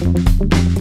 thank you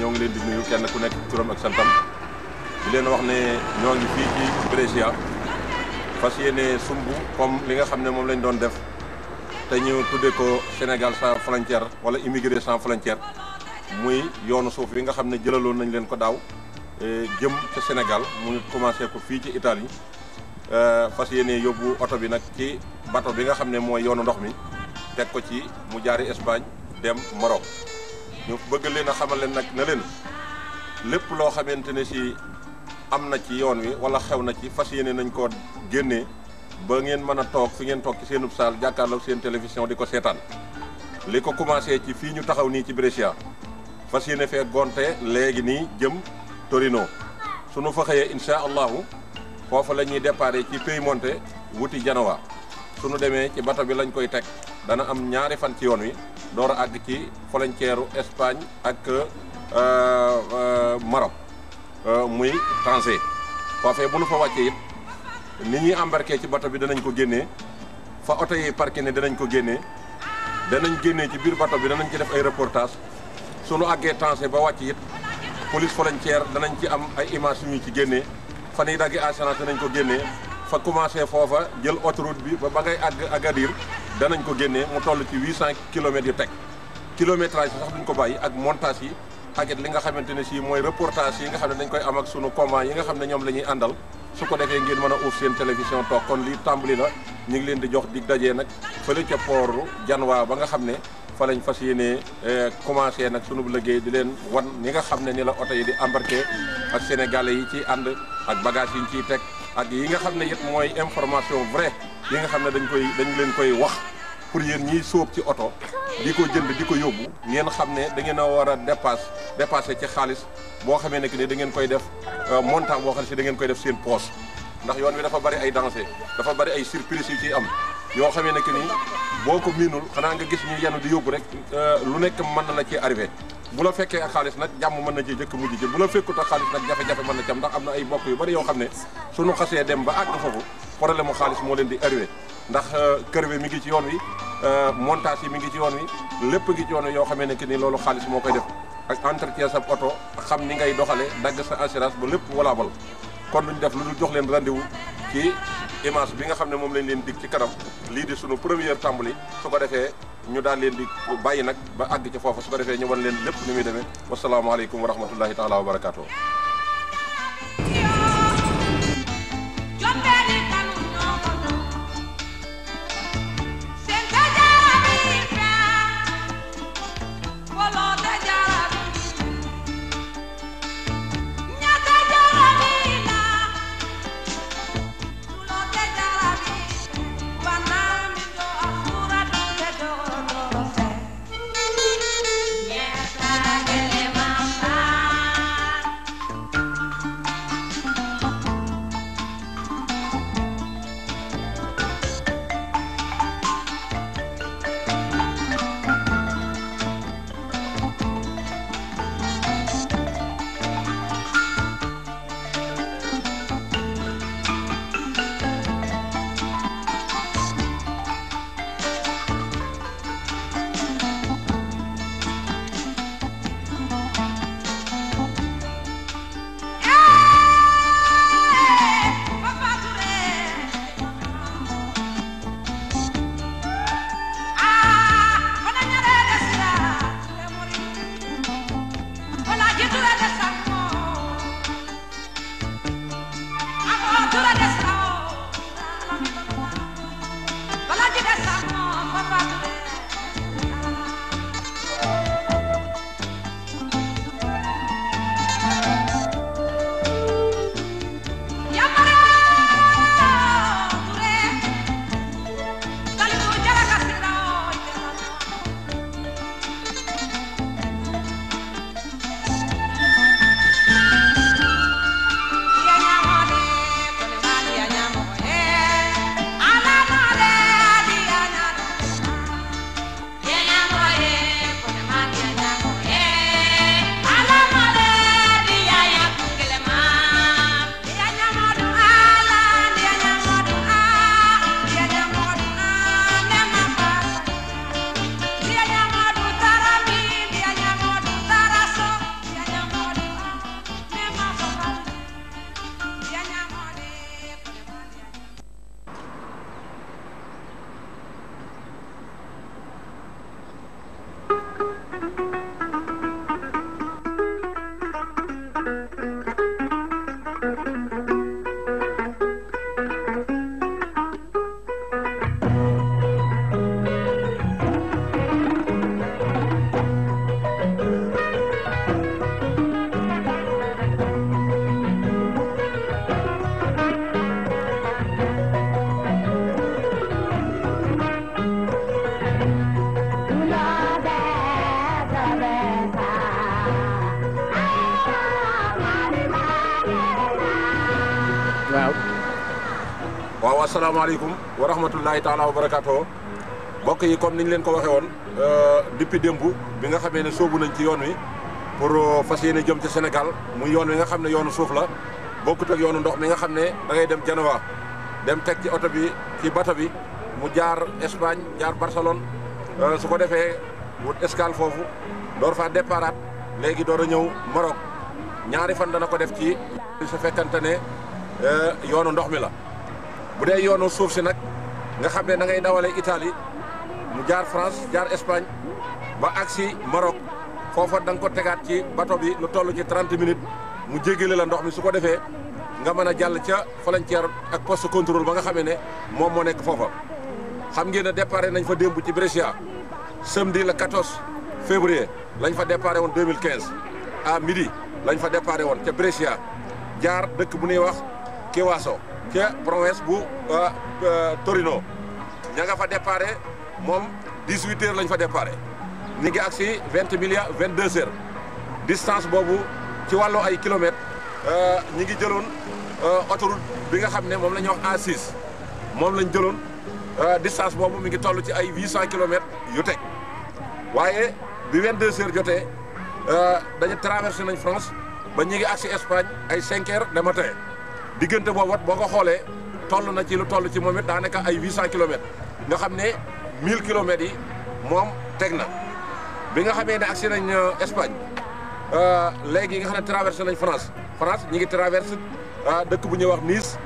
ñoo ngi leen di nuyu kenn ku nekk turam ak santam di leen wax ne ñoo ngi fii ci Brescia fas yéene sumb comme li nga xam ne moom lañ doon def te ñu tuddee ko Sénégal sans frontière wala immigré sans frontière muy yoonu suuf yi nga xam ne jëlaloon nañ leen ko daaw e, jëm ca Sénégal mu ngi commencé ko fii ci Italie e, fas yéene yóbbu oto bi nag ci bato bi nga xam ne mooy yoonu ndox mi teg ko ci mu jaari Espagne dem Maroc ñu bëgg leen a xamal leen nag ne leen lépp loo xamante ne si am na ci yoon wi wala xew na ci fas yéene nañ koo génnee ba ngeen mën a toog fi ngeen toog seen seenub saal jàkkaarloog seen télévision di ko seetaan li ko commencé ci fii ñu taxaw nii ci Brescia fas yéene fee gonte léegi nii jëm Torino sunu fa xëyee incha allahu foofu la ñuy déparé ci Piemonte wuti Genoa sunu demee ci bato bi lañ koy teg. dana am ñaari fan ci yoon wi door a àgg ci frontière Espagne ak euh, euh, Maroc euh, muy Tanger foofee bu nu fa wàccee it ni ñuy embarqué ci bato bi danañ ko génnee fa oto yi parqué ne danañ ko génnee danañ génnee ci biir bato bi danañ ci def ay reportage sunu àggee Tanger ba wàcc it police frontière danañ ci am ay images yu ñu ci génnee fan yi daggee assurance danañ ko génnee fa commencé foofa jël autoroute bi ba bagay ngay àgg Agadir danañ ko génnee mu toll ci huit cent kilomètres yu teg kilométrage sax duñ ko bàyyi ak montage yi ak it nga xamante ne si mooy reportage yi nga xam ne dañ koy am ak sunu combat yi nga xam ne ñoom la ñuy àndal su ko defee ngeen mën a uuf seen télévision toog kon lii tàmbali la ñu ngi leen di jox dig dajee nag fële ca pooru janwaa ba nga xam ne fa lañ fas yéenee eh, commencé nag sunu liggéey di leen wan ni nga xam ne ni la oto yi di embarqué ak sénégalais yi ciy ànd ak bagage yi ciy teg ak yi nga xam ne it mooy information vrai yi nga xam ne dañu koy dañ leen koy wax pour yéen ñii sóob ci oto di ko jënd di ko yóbbu ngeen xam ne da ngeen a war a dépasse dépassé ci xaalis boo xamee ne que ni da ngeen koy def euh, montant boo xam ne si da ngeen koy def seen poche ndax yoon wi dafa bari ay danger dafa bari ay surprise yu ciy am yoo xamee ne que nii boo ko miinul xanaa nga gis ñu yenu di yóbbu rek euh, lu nekk mën na la ci arrivé bu la fekkee ak xaalis nag jàmm mën na ci jëkk mujj ci bu la fekkut ak xaalis nag jafe-jafe mën na ci am ndax am na ay bokk yu bari yoo xam ne suñu xasee dem ba àgg foofu problème mu xaalis moo leen di arrivé ndax euh, kër mi ngi ci yoon wi euh, montage yi mi ngi ci yoon wi lépp ngi ci yoon wi yoo xamee ne que ni loolu xaalis moo koy def ak entretien sa oto xam ni ngay doxale dagg sa assurance ba lépp walaabal kon lu ñu def lu dul jox leen rendez-vous ci image bi nga xam ne moom lañ leen dig ci kanam lii di sunu première tàmbali su ko defee ñu daal leen di bàyyi nag ba àgg ci foofu su ko defee ñu leen lépp ni muy demee wasalaamaaleykum wa rahmatullahi taala wa barakaatu asalaamaaleykum wa rahmatullahi taala wa barakaatu mbokk yi comme ni ñu leen ko waxee woon euh, depuis démb bi nga xamee ne sóobu nañ ci yoon wi pour euh, fas yéene jëm ci Sénégal mu yoon wi nga xam ne yoonu suuf la bokkut ak yoonu ndox mi nga xam ne dangay ngay dem Genova dem teg ci oto bi ci bato bi mu jaar Espagne jaar Barcelone euh, su ko defee wut escale foofu door faa déparat léegi door a ñëw Maroc ñaari fan dana ko def ci su fekkante ne yoonu ndox mi la bu dee yoonu suuf si nag nga xam ne da ngay dawale itali mu jaar France jaar Espagne ba si Maroc foofa da nga ko tegaat ci bato bi lu toll ci 30 minutes mu jéggale la ndox mi su ko defee nga mën a jàll ca frontière ak poste contrôle ba nga xamee ne moom moo nekk foofa. xam ngeen ne départ nañ fa démb ci Brescia samedi le 14 février lañ fa départ woon 2015 à midi lañ fa départ woon ca Brescia jaar dëkk bu ñuy wax Kiwaso. ca province bu euh, euh, Torino ña nga fa déparé moom 18 heures lañ fa déparé ñu ngi agsi 20 milliards 22 heures distance boobu ci wàllu ay kilomètres euh, ñi ngi jëloon autoroute bi nga xam ne moom la ñuy wax A6 moom lañ jëloon distance boobu mi ngi toll ci ay 800 kilomètres yu teg waaye bi 22 heures jotee dañu traversé nañ France ba ñi ngi agsi Espagne ay 5 heures de matin. diggante boobu wat boo ko xoolee toll na ci lu toll ci moom it daanaka ay 800 kilomètres nga xam ne 1000 kilomètres yi moom teg na bi nga xamee ne agsi nañ euh, Espagne euh, léegi nga xam ne traversé nañ France France ñi ngi traversé euh, dëkk bu ñuy wax Nice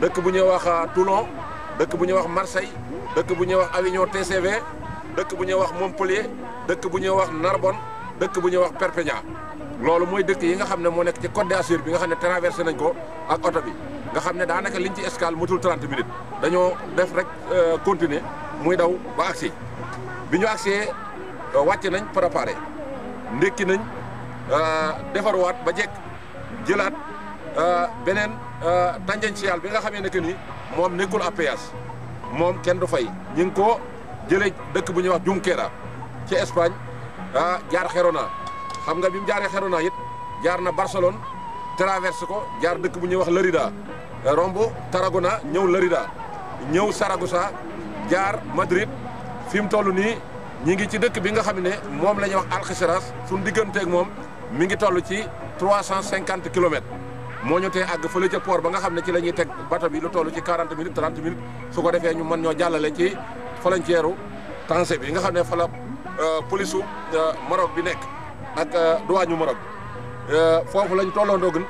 dëkk bu ñuy wax Toulon dëkk bu ñuy wax Marseille dëkk bu ñuy wax Avignon TCV dëkk bu ñuy wax Montpellier dëkk bu ñuy wax Narbonne dëkk bu ñuy wax Perpignan loolu mooy dëkk yi nga xam ne moo nekk ci Côte d'Azur bi nga xam ne traversé nañ ko ak oto bi nga xam ne daanaka liñ ci escale matul 30 minutes dañoo def rek euh, continuer muy daw ba agsi bi ñu agsee euh, wàcc nañ préparé ndekki nañ euh, defaruwaat ba jekk jëlaat beneen tangential bi nga xamee ne que ni moom nekkul à péage moom kenn du fay ñu ngi ko jëlee dëkk bu ñuy wax Junquera ci Espagne jaar Gerona xam nga bi mu jaaree Girona it jaar na Barcelone traverse ko jaar dëkk bu ñuy wax Lérida romb Tarragona ñëw lërida ñëw Saragossa jaar Madrid fi mu toll nii ñi ngi ci dëkk bi nga xam ne moom la ñuy wax Algeciras suñu digganteeg moom mi ngi toll ci trois cent cinquante kilomètres moo ñu àgg fële ca port ba nga xam ne ci la ñuy teg bato bi lu toll ci quarante minutes trant minutes su ko defee ñu mën ñoo jàllale ci frontière u Tanger bi nga xam ne fala la euh, polisu euh, Maroc bi nekk ak euh, duwaañu Maroc euh, foofu lañ tolloo ndogun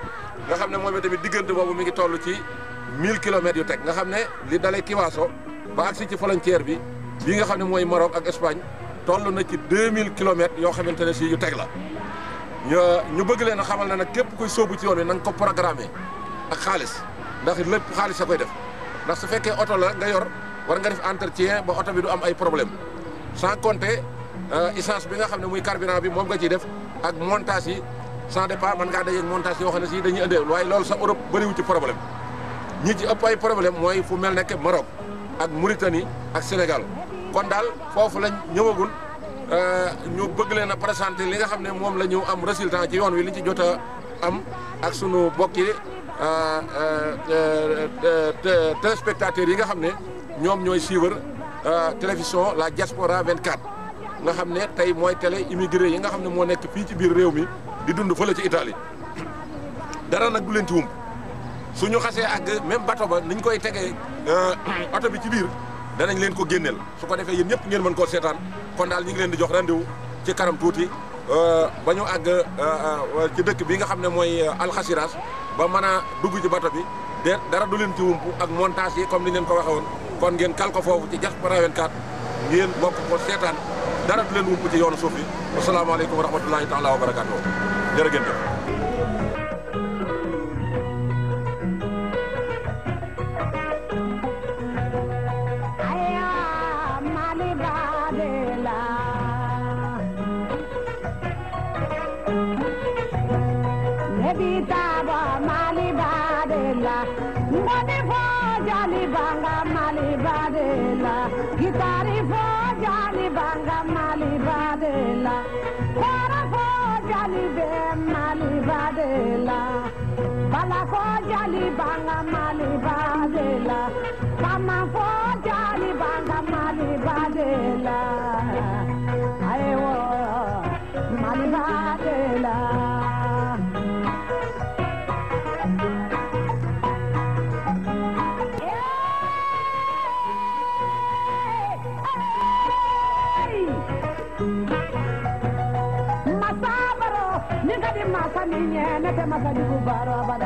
nga xam ne moom tamit diggante boobu mi ngi toll ci 1000 kilomètres yu teg nga xam ne li dalee Kiwaaso ba agsi ci frontière bi bii nga xam ne mooy Maroc ak Espagne toll na ci 2000 kilomètres yoo xamante ne si yu teg la ñu bëgg leen a xamal na nag képp koy sóobu ci yoon nan na ko programmer ak xaalis ndax lépp xaalis a koy def ndax su fekkee oto la nga yor war nga def entretien ba oto bi du am ay problème sans compter Euh, essence bi nga xam ne muy carburant bi moom nga ciy def ak montage yi sans départ mën ngaa dajeeg montage yoo xam si dañuy indee lool loolu sa Europe bëriwu ci problème ñi ci ëpp ay problème mooy fu mel nekk Maroc ak Mauritanie ak Sénégal kon daal foofu lañ ñëwagul euh, ñu bëgg leen a présenté li nga xam ne moom la ñëw am résultat ci yoon wi li ñu jot am ak sunu bokki euh, téléspectateurs yi nga xam ne ñoom ñooy suivre télévision la diaspora 24 nga xam ne tey mooy télé immigré yi nga xam ne moo nekk fii ci biir réew mi di dund fële ci itali dara nag du leen ci su ñu xasee ak même bato ba niñ koy tegee euh, oto bi ci biir danañ leen ko génneel su ko defee yéen ñëpp ngeen mën koo seetaan kon daal ñu ngi leen di jox rendez-vous ci kanam tuuti euh, ba ñu àgg euh, ci dëkk bi nga xam ne mooy alxasiras ba mën a dugg ci bato bi de dara du leen ci wump ak montage yi comme ni leen ko waxee woon kon ngeen kal ko foofu ci Diaspora 24 ngeen bokk ko seetaan dara du leen wump ci yoonu suuf bi wasalaamaaleykum wa rahmatulahi taala wa barakaatu jërë ngeen jëf fo jali banga mali bade la kama fo jali banga mali bade la ayo mali bade la Masabaro, nigga di masa ni nye, nete masa di kubaro abada.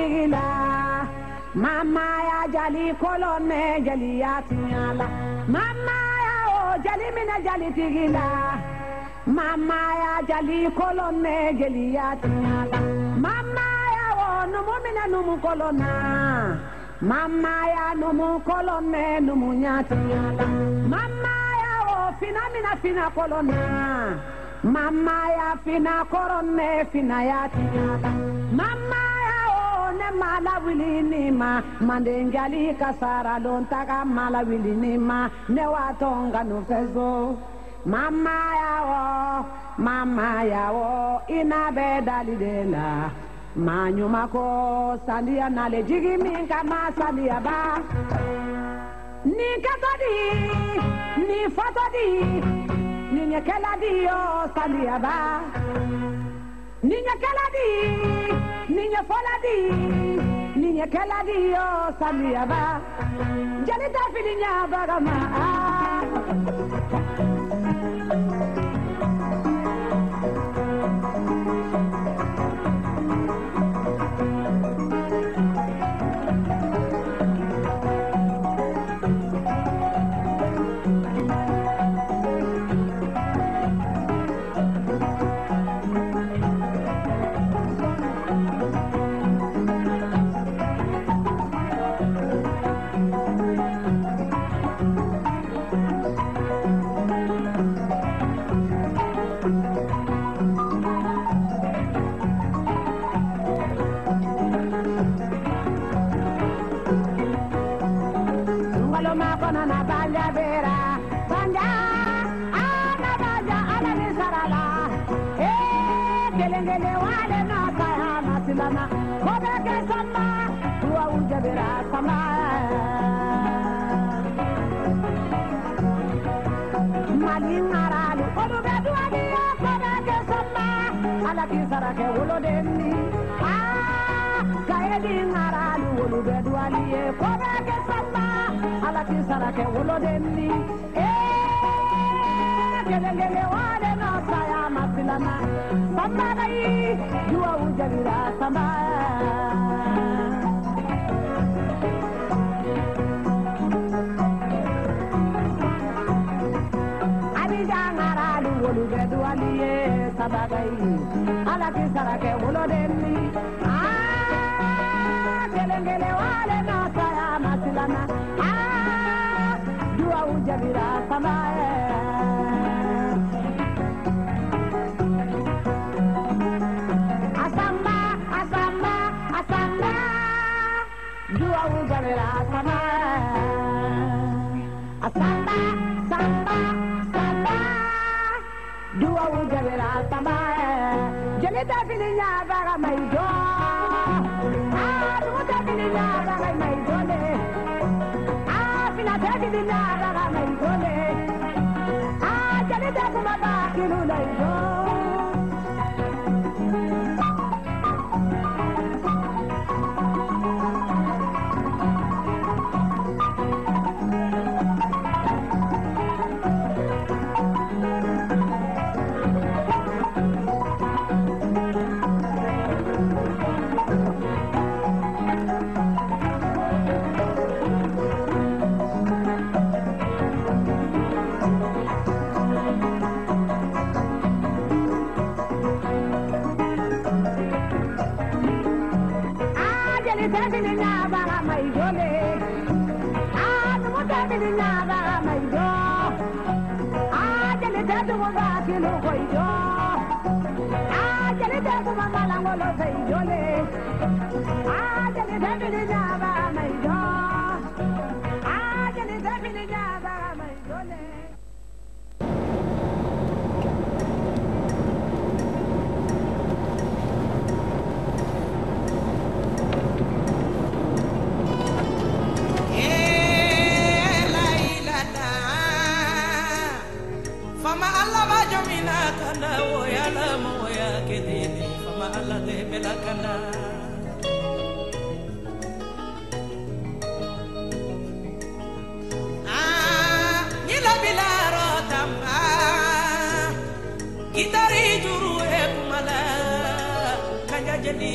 jigila mama ya jali kolon me jali ya tinyala mama ya o jali mina jali tigila mama ya jali kolon me jali ya tinyala mama ya o numu mina numu kolona mama ya numu kolon me numu nya tinyala mama ya o fina mina fina kolona mama ya fina koron me fina ya tinyala mama mala wilinima mandengali kasara lontaka mala wilinima newatonga nufezo mama yawo mama yawo inabe dalilela manyumako sandiya nale jigi min kama sandiya ba ni katodi ni fotodi ni ɲɛkɛla di sandiya ba niña kaladi niña foladi niña kaladi yo samiya ba jalita filiña bagama ke wolo denni ah kayedi ngaralu wolu be duwali e ko be ke samba ala ki sara ke wolo denni eh kelengele wale no saya masilana samba dai duwa ujabira samba Abija ngaralu wolu be duwali e alaki sarake woloden ni a ah, kelengele wale nasaya masilana ah, a duwawu jabira samaye asamba asamba asamba duwawu jabira samaye asamba samba samba duwawu jabira samaye jëli dafili ñaa baga may doon aa dugu dafili ñaa baga may doole aa ah, fina dafili ñaa baga may doole aa jëli dafuma baa kinu lay doon wolo fay jole ajali sabili jaba may jo ajali sabili jaba may jole فما الله جميلك انا ويا لم ويا كديني ala le melakala ah nila bilaro tamba gitari juru ekumala kanja jeni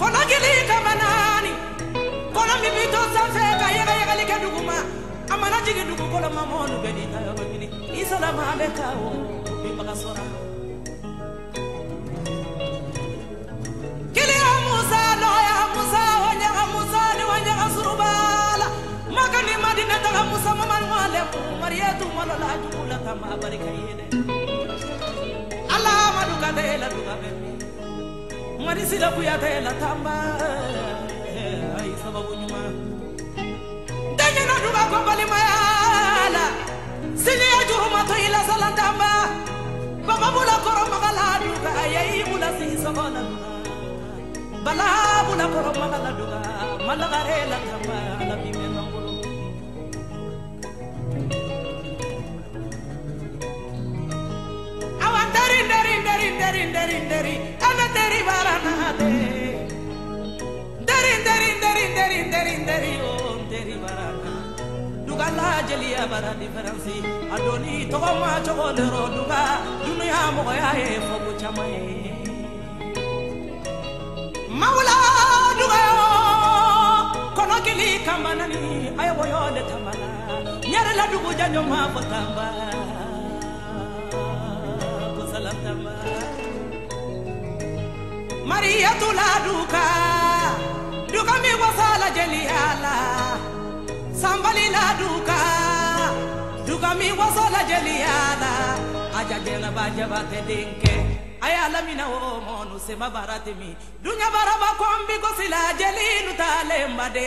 kɔnɔ jeli kɛmɛ naani kɔnɔ min bɛ to sanfɛ ka yɛlɛyɛlɛli kɛ dugu ma a mana jigin dugukolo ma mɔlu bɛ n'i ta yɔrɔ ɲini i salama bɛ ka o binbaga sɔrɔ. kiliyan musa lɔya musa waɲaga musa ni waɲaga suruba la makani madina taga musa mamani wale kun mariya tun wala la jugu la kama barika ye dɛ ala amadu ka da e la duga bɛ min. marisi la kuyatela tamba ai sababu nyuma danyana duga kombali mayala sini ya juruma to ila sala tamba baba bula koro magala duga yai bula si sabana bala bula koro magala duga malagare la tamba ala bime nangolo awan dari dari dari dari dari dari jeliya bara diferansi a doni tɔgɔma cogo lero duga dunuya mɔgɔya ye fɔko caman ye mawula dugayo kɔnɔkili kanbanani a ye wɔyɔ le tambala ɲɛrɛla dugujaɲɔma fɔ tanba mariyatu la duka duka mi wasala jeli ala sambali la duka duka mi wasala jeli ala aja jena bajabate dinke ayala mina wo monu sema barate mi dunya baraba kombi ko sila jeli nu de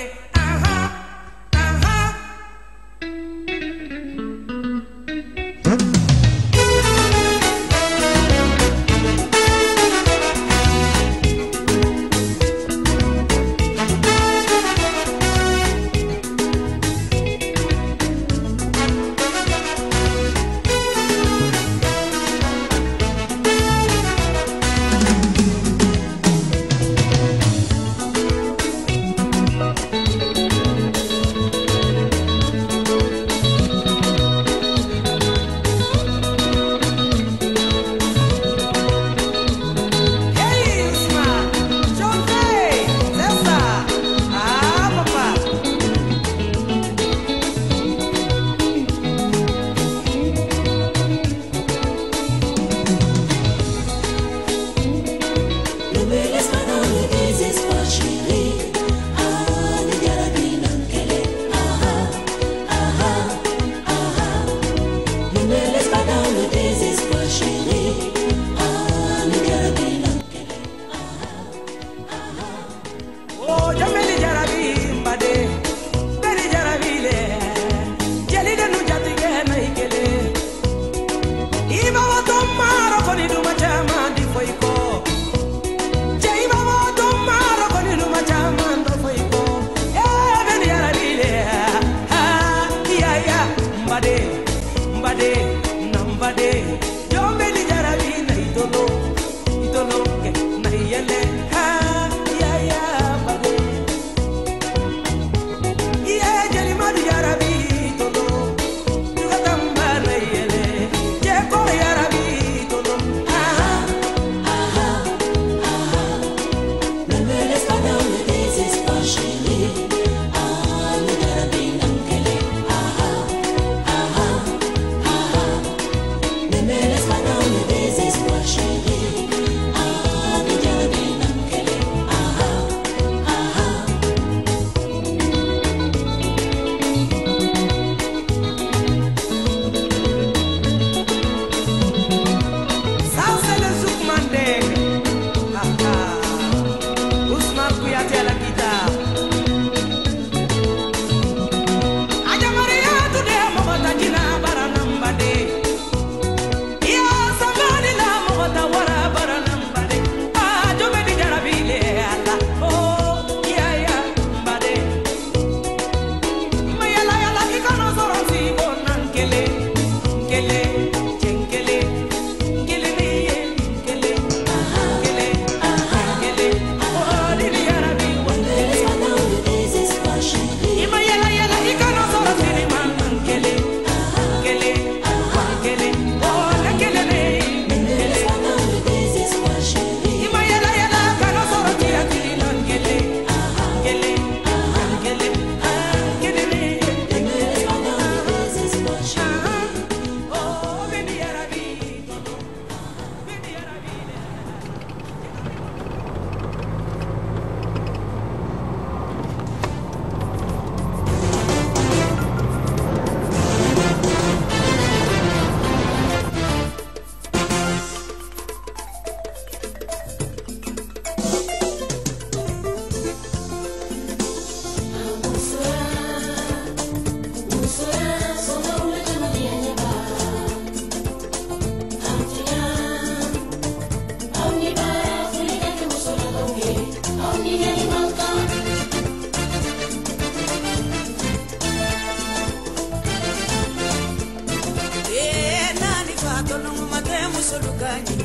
tolongumate musolukani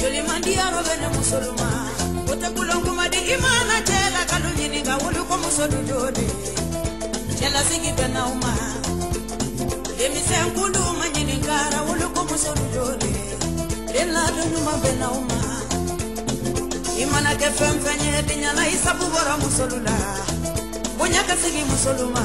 jolimandi arobene musoluma wote bulongumadi imana tela kaluñininga woluko musolu jode cela sigi benauma demisen kunduma ñininkara woluko musolu jode renlato ñuma benauma imana ke fenfeñe diñana isabu bora musolula boñaka sigi musoluma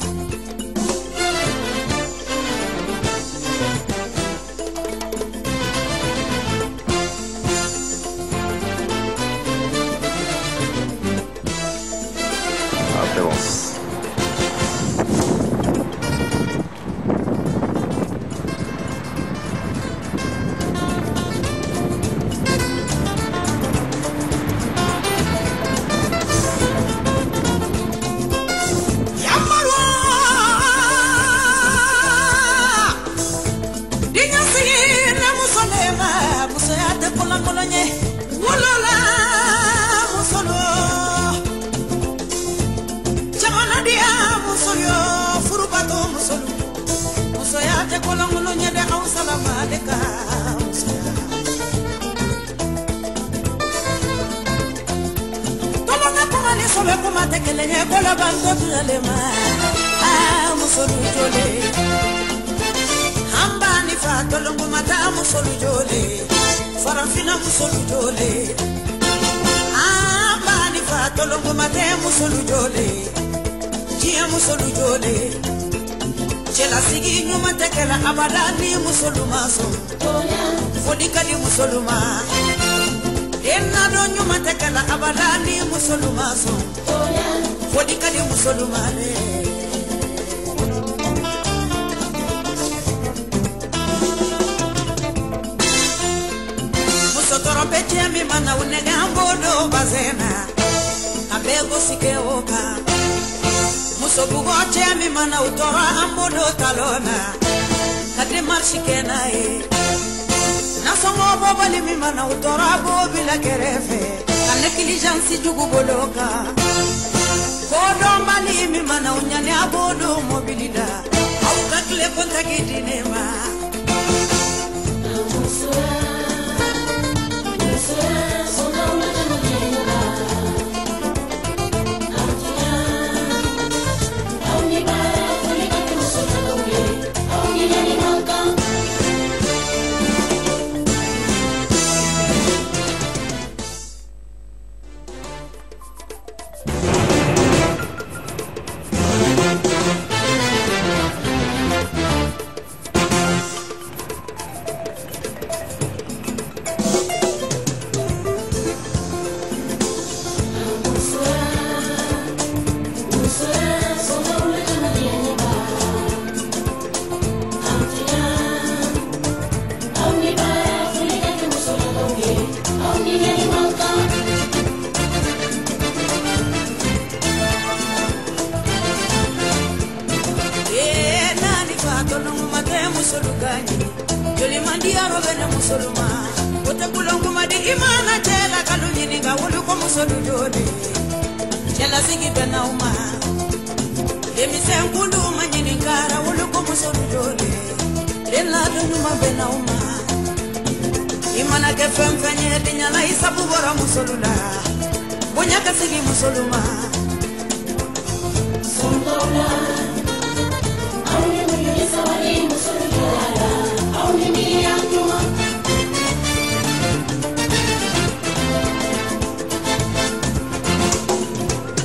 dika di musoluma denna do nyuma tekala abada ni musoluma so fo dika di musoluma le musotoro peche mi mana unega mbodo bazena abego sikeoka musobugo che mi mana utora mbodo talona kadri marshi kenae sɔngɔ bɔbali min mana o a b'o bila kɛrɛfɛ ka negilijansi jugu bolo kan ɲani a b'o don la aw ka tile kɔntaki di ne ma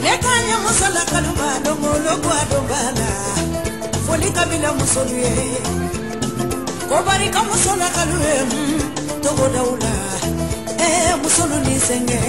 netanya musala kaluma dongologo adombala foli kabila musolu ye kobarika musola kalu ye mm, tɔgɔdaw la ɛɛ eh, musolu ni sɛŋɛ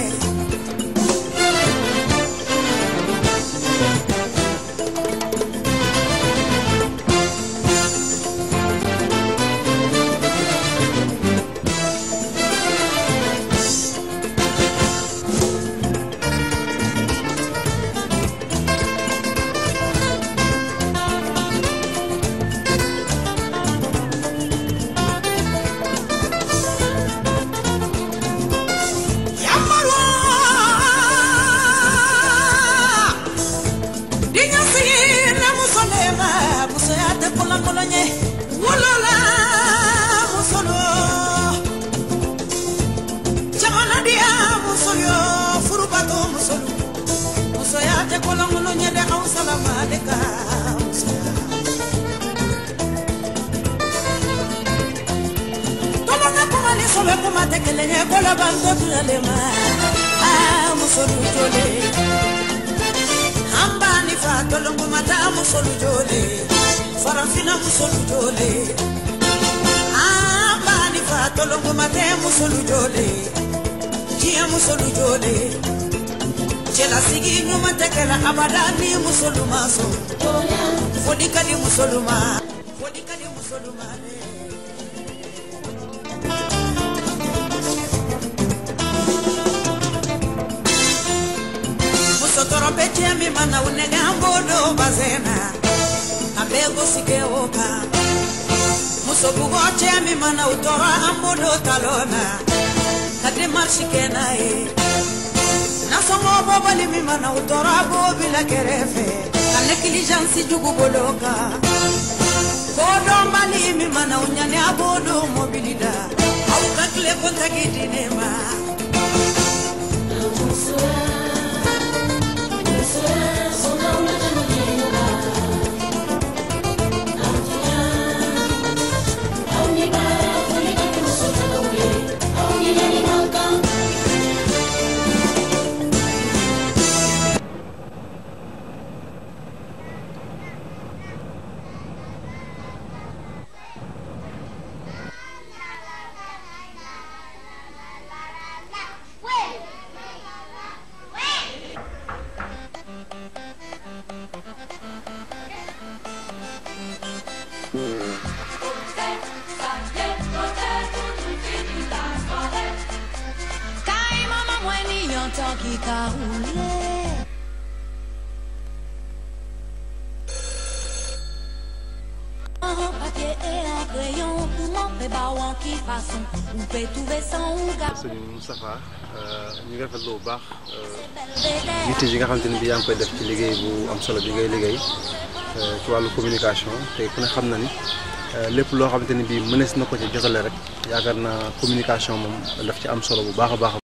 ko bɛ kuma tɛ kelen ye ko laban ko ma aa musolu jolen an b'a ni fa tolonkoma taa musolu jolen farafinna musolu jolen an b'a ni fa tolonkoma tɛ musolu jolen diɲɛ musolu jolen cɛlasigi ɲuman tɛ kɛlɛ abada ni musolu ma sɔn foli ka di musolu ma foli ka di musolu ma dɛ. mapeche mi mana unegambo do bazena ambego sikeoka musobugoche mi mana utora ambo do talona kadri marshike naye nasomo bobali mi mana utora bobila kerefe ane kilijansi jugu boloka kodo mbali mi mana unyane abodo mobilida au kakile kontakidinema Son homme de Moustapha euh, ñu ngi rafetlu bu baax euh, yitte yi nga xamante ni bi yaa ngi koy def ci liggéey bu am solo bi ngay liggéey euh, ci wàllu communication te ku ne xam na ni lépp loo xamante ni bi mënees na ko ci jotale rek yaakaar naa communication moom daf ci am solo bu baax a baax